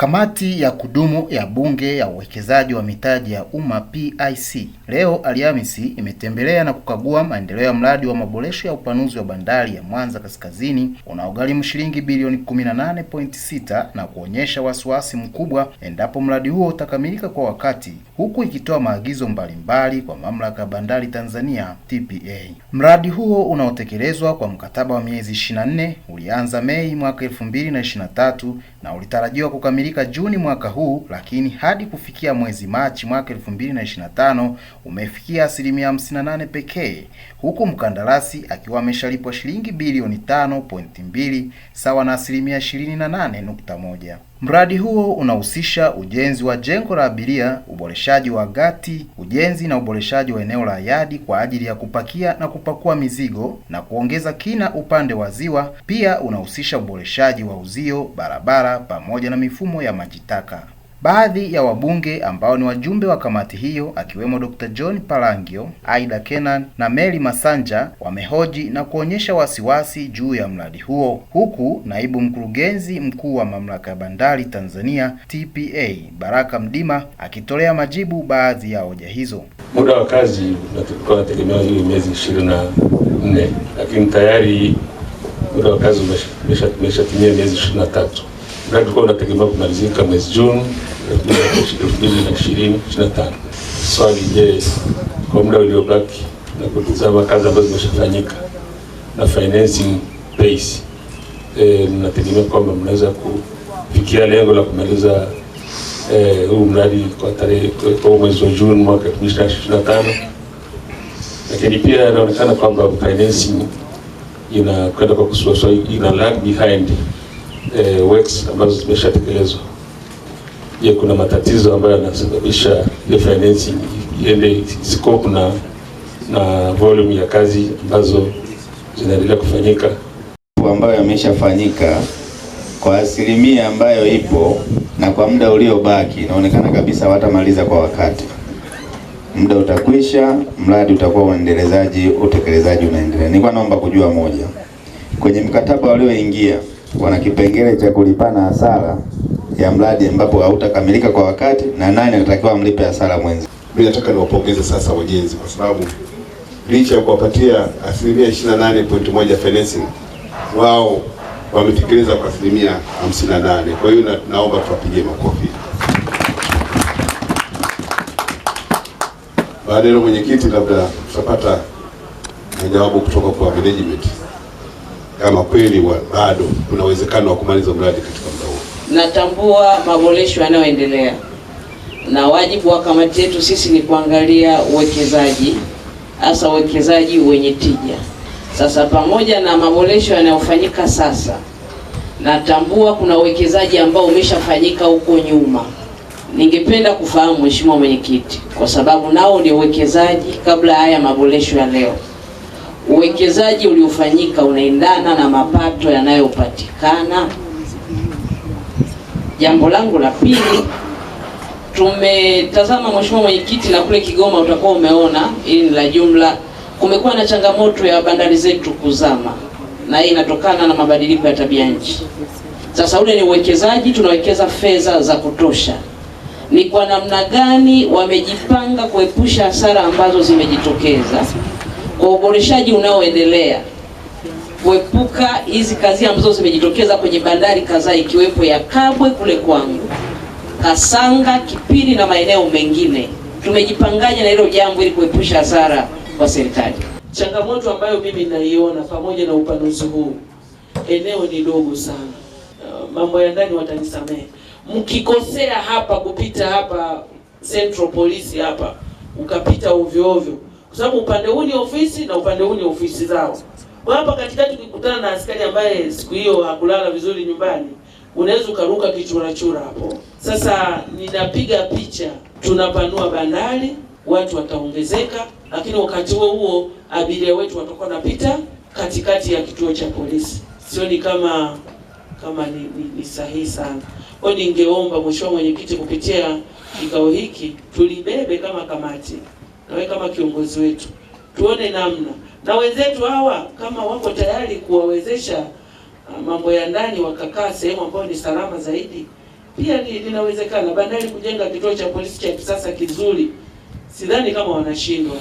Kamati ya kudumu ya Bunge ya uwekezaji wa mitaji ya umma PIC leo Alhamisi imetembelea na kukagua maendeleo ya mradi wa maboresho ya upanuzi wa bandari ya Mwanza Kaskazini unaogharimu shilingi bilioni 18.6 na kuonyesha wasiwasi mkubwa endapo mradi huo utakamilika kwa wakati, huku ikitoa maagizo mbalimbali kwa Mamlaka ya Bandari Tanzania TPA. Mradi huo unaotekelezwa kwa mkataba wa miezi 24 ulianza Mei mwaka 2023 na ulitarajiwa kukamilika Juni mwaka huu, lakini hadi kufikia mwezi Machi mwaka 2025 umefikia asilimia 58 pekee, huku mkandarasi akiwa ameshalipwa shilingi bilioni 5.2 sawa na asilimia 28.1. Mradi huo unahusisha ujenzi wa jengo la abiria, uboreshaji wa gati, ujenzi na uboreshaji wa eneo la yadi kwa ajili ya kupakia na kupakua mizigo na kuongeza kina upande wa ziwa. Pia unahusisha uboreshaji wa uzio, barabara pamoja na mifumo ya maji taka. Baadhi ya wabunge ambao ni wajumbe wa kamati hiyo akiwemo Dr. John Palangio, Aida Kenan na Mary Masanja wamehoji na kuonyesha wasiwasi juu ya mradi huo, huku naibu mkurugenzi mkuu wa mamlaka ya bandari Tanzania TPA Baraka Mdima akitolea majibu baadhi ya hoja hizo. Muda wa kazi tunategemea hii miezi ishirini na nne lakini tayari muda wa kazi umeshatimia miezi ishirini na tatu mradi ulikuwa unategemewa kumalizika mwezi Juni 2025. Swali, je, kwa muda uliobaki na kutizama kazi ambazo zimeshafanyika na financing base, e, eh, mnategemea kwamba mnaweza kufikia lengo la kumaliza eh, huu e, mradi kwa tarehe kwa mwezi wa Juni mwaka 2025? Lakini pia inaonekana kwamba financing inakwenda kwa kusuasua, ina lag behind e, works ambazo zimeshatekelezwa. Je, kuna matatizo ambayo yanasababisha ile finance iende scope na na volume ya kazi ambazo zinaendelea kufanyika ambayo yameshafanyika kwa asilimia ambayo ipo na kwa muda uliobaki, inaonekana kabisa watamaliza kwa wakati. Muda utakwisha, mradi utakuwa uendelezaji, utekelezaji unaendelea. Nilikuwa naomba kujua moja, kwenye mkataba walioingia wana kipengele cha kulipana hasara ya mradi ambapo hautakamilika kwa wakati na nani anatakiwa amlipe hasara mwenzi. Mimi nataka niwapongeze sasa wajenzi kwa sababu licha ya kuwapatia asilimia 28.1 financing wao wametekeleza kwa asilimia 58. Kwa hiyo na, naomba tuwapigie makofi. Baada ya mwenyekiti, labda tutapata jawabu kutoka kwa management kama kweli bado kuna uwezekano wa kumaliza mradi katika muda huu. Natambua maboresho yanayoendelea na wajibu wa kamati yetu sisi ni kuangalia uwekezaji, hasa uwekezaji wenye tija. Sasa pamoja na maboresho yanayofanyika sasa, natambua kuna uwekezaji ambao umeshafanyika huko nyuma. Ningependa kufahamu Mheshimiwa Mwenyekiti, kwa sababu nao ni uwekezaji kabla haya maboresho ya leo uwekezaji uliofanyika unaendana na mapato yanayopatikana. Jambo langu la pili, tumetazama Mheshimiwa Mwenyekiti, na kule Kigoma utakuwa umeona, ili ni la jumla, kumekuwa na changamoto ya bandari zetu kuzama, na hii inatokana na mabadiliko ya tabia nchi. Sasa ule ni uwekezaji, tunawekeza fedha za kutosha. Ni kwa namna gani wamejipanga kuepusha hasara ambazo zimejitokeza? kwa uboreshaji unaoendelea kuepuka hizi kazi ambazo zimejitokeza kwenye bandari kadhaa ikiwepo ya Kabwe kule kwangu, Kasanga, kipindi na maeneo mengine. Tumejipanganya na hilo jambo ili kuepusha hasara kwa serikali. Changamoto ambayo mimi naiona pamoja na upanuzi huu, eneo ni dogo sana. Uh, mambo ya ndani watanisamehe, mkikosea hapa kupita hapa Central hapa ukapita ovyo ovyo kwa sababu upande huu ni ofisi na upande huu ni ofisi zao. Kwa hapa katikati ukikutana na askari ambaye siku hiyo hakulala vizuri nyumbani, unaweza ukaruka kichurachura hapo. Sasa ninapiga picha, tunapanua bandari, watu wataongezeka, lakini wakati huo huo abiria wetu watakuwa napita katikati ya kituo cha polisi. Sioni kama kama ni, ni, ni sahihi sana. Kwa ningeomba mheshimiwa mwenyekiti, kupitia kikao hiki tulibebe kama kamati na wewe kama kiongozi wetu, tuone namna na wenzetu hawa kama wako tayari kuwawezesha ah, mambo ya ndani, wakakaa sehemu ambayo ni salama zaidi, pia linawezekana. Bandari kujenga kituo cha polisi cha kisasa kizuri, sidhani kama wanashindwa.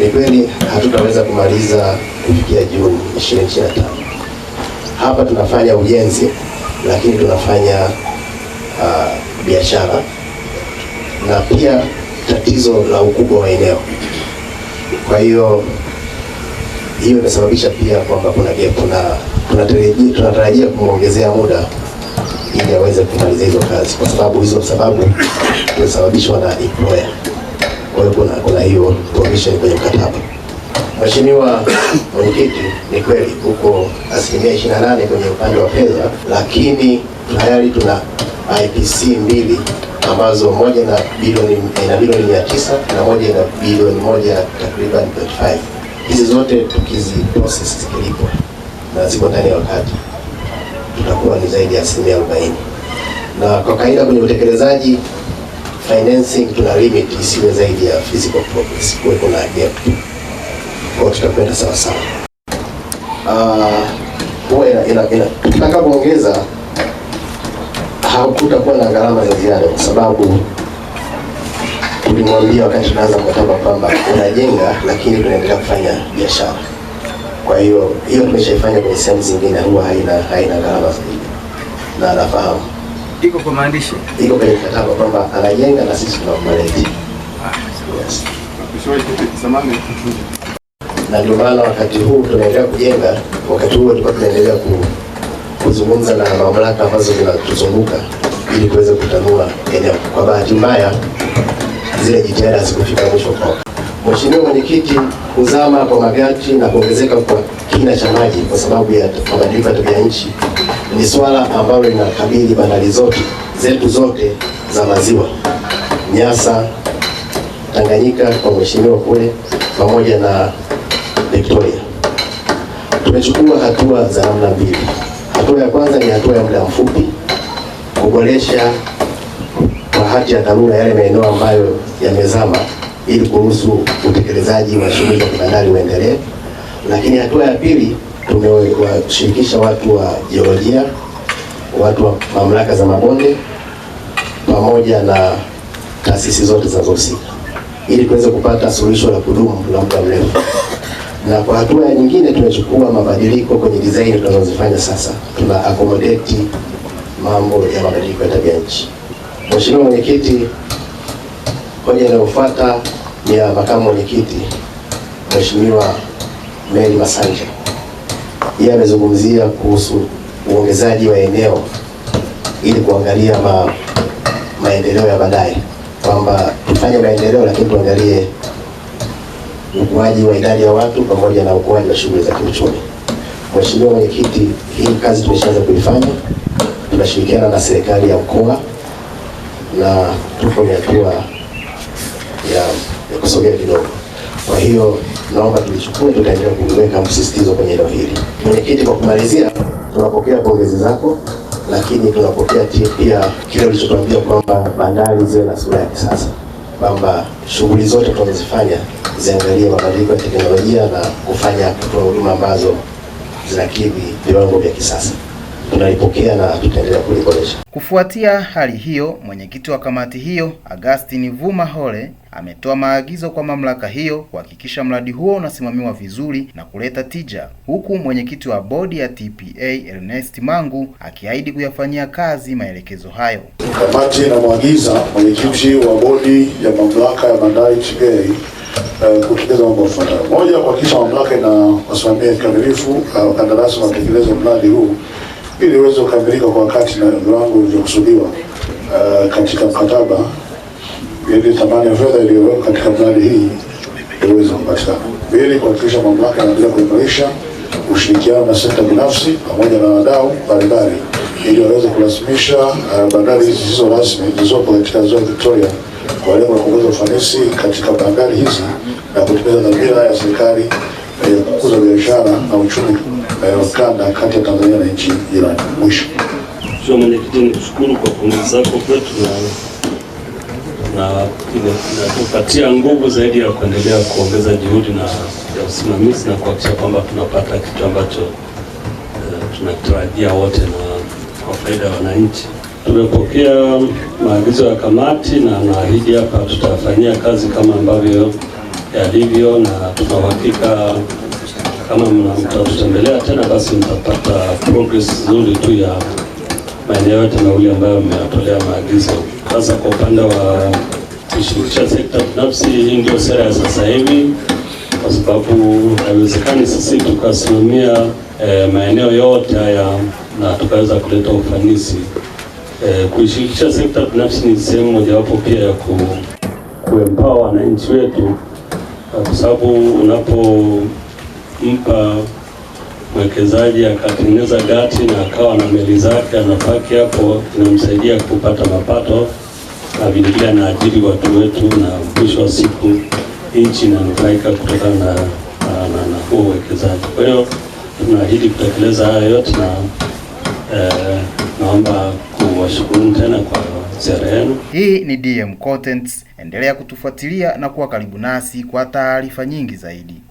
Ni kweli hatutaweza kumaliza kufikia Juni 2025. Hapa tunafanya ujenzi, lakini tunafanya uh, biashara na pia tatizo la ukubwa wa eneo. Kwa hiyo hiyo imesababisha pia kwamba kuna tunatarajia kumwongezea muda ili aweze kumaliza hizo kazi, kwa sababu hizo sababu zimesababishwa na employer. Kwa hiyo kuna kuna hiyo provision kwenye mkataba. Mheshimiwa Mwenyekiti, ni kweli huko asilimia 28 kwenye upande wa fedha, lakini tayari tuna IPC mbili ambazo moja na bilioni ina eh, bilioni mia tisa na moja ina bilioni moja takriban 25. Hizi zote tukizi process zilipo na ziko ndani ya wakati, tutakuwa ni zaidi ya asilimia 40, na kwa kawaida kwenye utekelezaji financing tuna limit isiwe zaidi ya physical progress, kuwe kuna gap kwa tutakwenda sawasawa. Uh, ah, huwa ina, ina, ina, kuongeza hakutakuwa na gharama za ziada, kwa sababu tulimwambia wakati tunaanza mkataba kwamba unajenga, lakini tunaendelea kufanya biashara. Kwa hiyo hiyo tumeshaifanya kwenye sehemu zingine, huwa haina haina gharama zaidi, na anafahamu iko kwa maandishi, iko kwenye mkataba kwamba anajenga na sisi tunammanage. Na ndio maana wakati huu tunaendelea kujenga, wakati huo tulikuwa tunaendelea ku kuzungumza na mamlaka ambazo zinatuzunguka ili kuweza kutanua eneo. Kwa bahati mbaya, zile jitihada hazikufika mwisho. Kwa Mheshimiwa Mwenyekiti, kuzama kwa magati na kuongezeka kwa kina cha maji kwa sababu ya mabadiliko ya tabia nchi ni swala ambalo linakabili bandari zote zetu zote za maziwa Nyasa, Tanganyika kwa mheshimiwa kule pamoja na Victoria. Tumechukua hatua za namna mbili. Hatua ya kwanza ni hatua ya muda mfupi kuboresha kwa hati ya dharura yale maeneo ambayo yamezama ili kuruhusu utekelezaji wa shughuli za kibandari uendelee. Lakini hatua ya pili, tumewashirikisha watu wa jiolojia, watu wa mamlaka za mabonde pamoja na taasisi zote zinazohusika ili tuweze kupata suluhisho la kudumu la muda mrefu na kwa hatua nyingine tumechukua mabadiliko kwenye design tunazozifanya sasa, tuna accommodate mambo ya mabadiliko ya tabia nchi. Mheshimiwa Mwenyekiti, hoja inayofuata ni ya makamu mwenyekiti Mheshimiwa Mary Masanja. Yeye amezungumzia kuhusu uongezaji wa eneo ili kuangalia ma, maendeleo ya baadaye, kwamba tufanye maendeleo lakini tuangalie ukuaji wa idadi ya watu pamoja na ukuaji wa shughuli za kiuchumi. Mheshimiwa Mwenyekiti, hii kazi tumeshaanza kuifanya, tunashirikiana na serikali ya mkoa na tuko ni hatua ya, ya kusogea kidogo. Kwa hiyo naomba tulichukue, tutaendelea kuweka msisitizo kwenye eneo hili. Mwenyekiti, kwa kumalizia, tunapokea pongezi zako, lakini tunapokea pia kile ulichotuambia kwamba bandari ziwe na sura ya kisasa, kwamba shughuli zote tunazozifanya ziangalie mabadiliko ya teknolojia na kufanya kutoa huduma ambazo zinakidhi viwango vya kisasa. Tunaipokea na tutaendelea kuliboresha. Kufuatia hali hiyo, mwenyekiti wa kamati hiyo Augustine Vuma Hole ametoa maagizo kwa mamlaka hiyo kuhakikisha mradi huo unasimamiwa vizuri na kuleta tija, huku mwenyekiti wa bodi ya TPA Ernest Mangu akiahidi kuyafanyia kazi maelekezo hayo. Kamati inamwagiza mwenyekiti wa bodi ya mamlaka ya bandari TPA uh, kutekeleza mambo yafuatayo: moja, kuhakikisha mamlaka na wasimamia kikamilifu uh, wakandarasi wanatekeleza mradi huu ili uweze kukamilika kwa wakati na viwango vilivyokusudiwa uh, katika mkataba, ili thamani ya fedha iliyowekwa katika mradi hii iweze kupatikana. Pili, kuhakikisha mamlaka inaendelea kuimarisha ushirikiano na sekta binafsi pamoja na wadau mbalimbali ili waweze kurasimisha uh, bandari hizi zisizo rasmi zilizoko katika ziwa Victoria kwa lengo la kuongeza ufanisi katika bandari hizi na kutimiza dhamira ya serikali ya kukuza biashara na uchumi eh, wa kanda kati ya Tanzania na nchi jirani. Mwisho Mheshimiwa Mwenyekiti, kushukuru kwa pongezi zako kwetu na natupatia nguvu zaidi ya kuendelea kuongeza juhudi na ya usimamizi na kuhakikisha kwamba tunapata kitu ambacho eh, tunatarajia wote na kwa faida ya wananchi. Tumepokea maagizo ya kamati na naahidi hapa tutafanyia kazi kama ambavyo yalivyo, na tunauhakika kama mtatutembelea tena, basi mtapata progress nzuri tu ya maeneo yote mawili ambayo mmeyatolea maagizo. hasa kwa upande wa kushirikisha sekta binafsi, hii ndio sera ya sasa hivi, kwa sababu haiwezekani sisi tukasimamia eh, maeneo yote haya na tukaweza kuleta ufanisi. E, kuishirikisha sekta binafsi ni sehemu mojawapo pia ya ku, kuempower wananchi wetu, eh, kwa sababu unapompa mwekezaji akatengeneza gati na akawa na meli zake anapaki hapo, inamsaidia kupata mapato na vilevile anaajiri watu wetu, na mwisho wa siku nchi inanufaika kutokana na, na huo uwekezaji. Kwa hiyo tunaahidi kutekeleza haya yote na eh, naomba Nawashukuru tena kwa ziara yenu. Hii ni DM Contents, endelea kutufuatilia na kuwa karibu nasi kwa taarifa nyingi zaidi.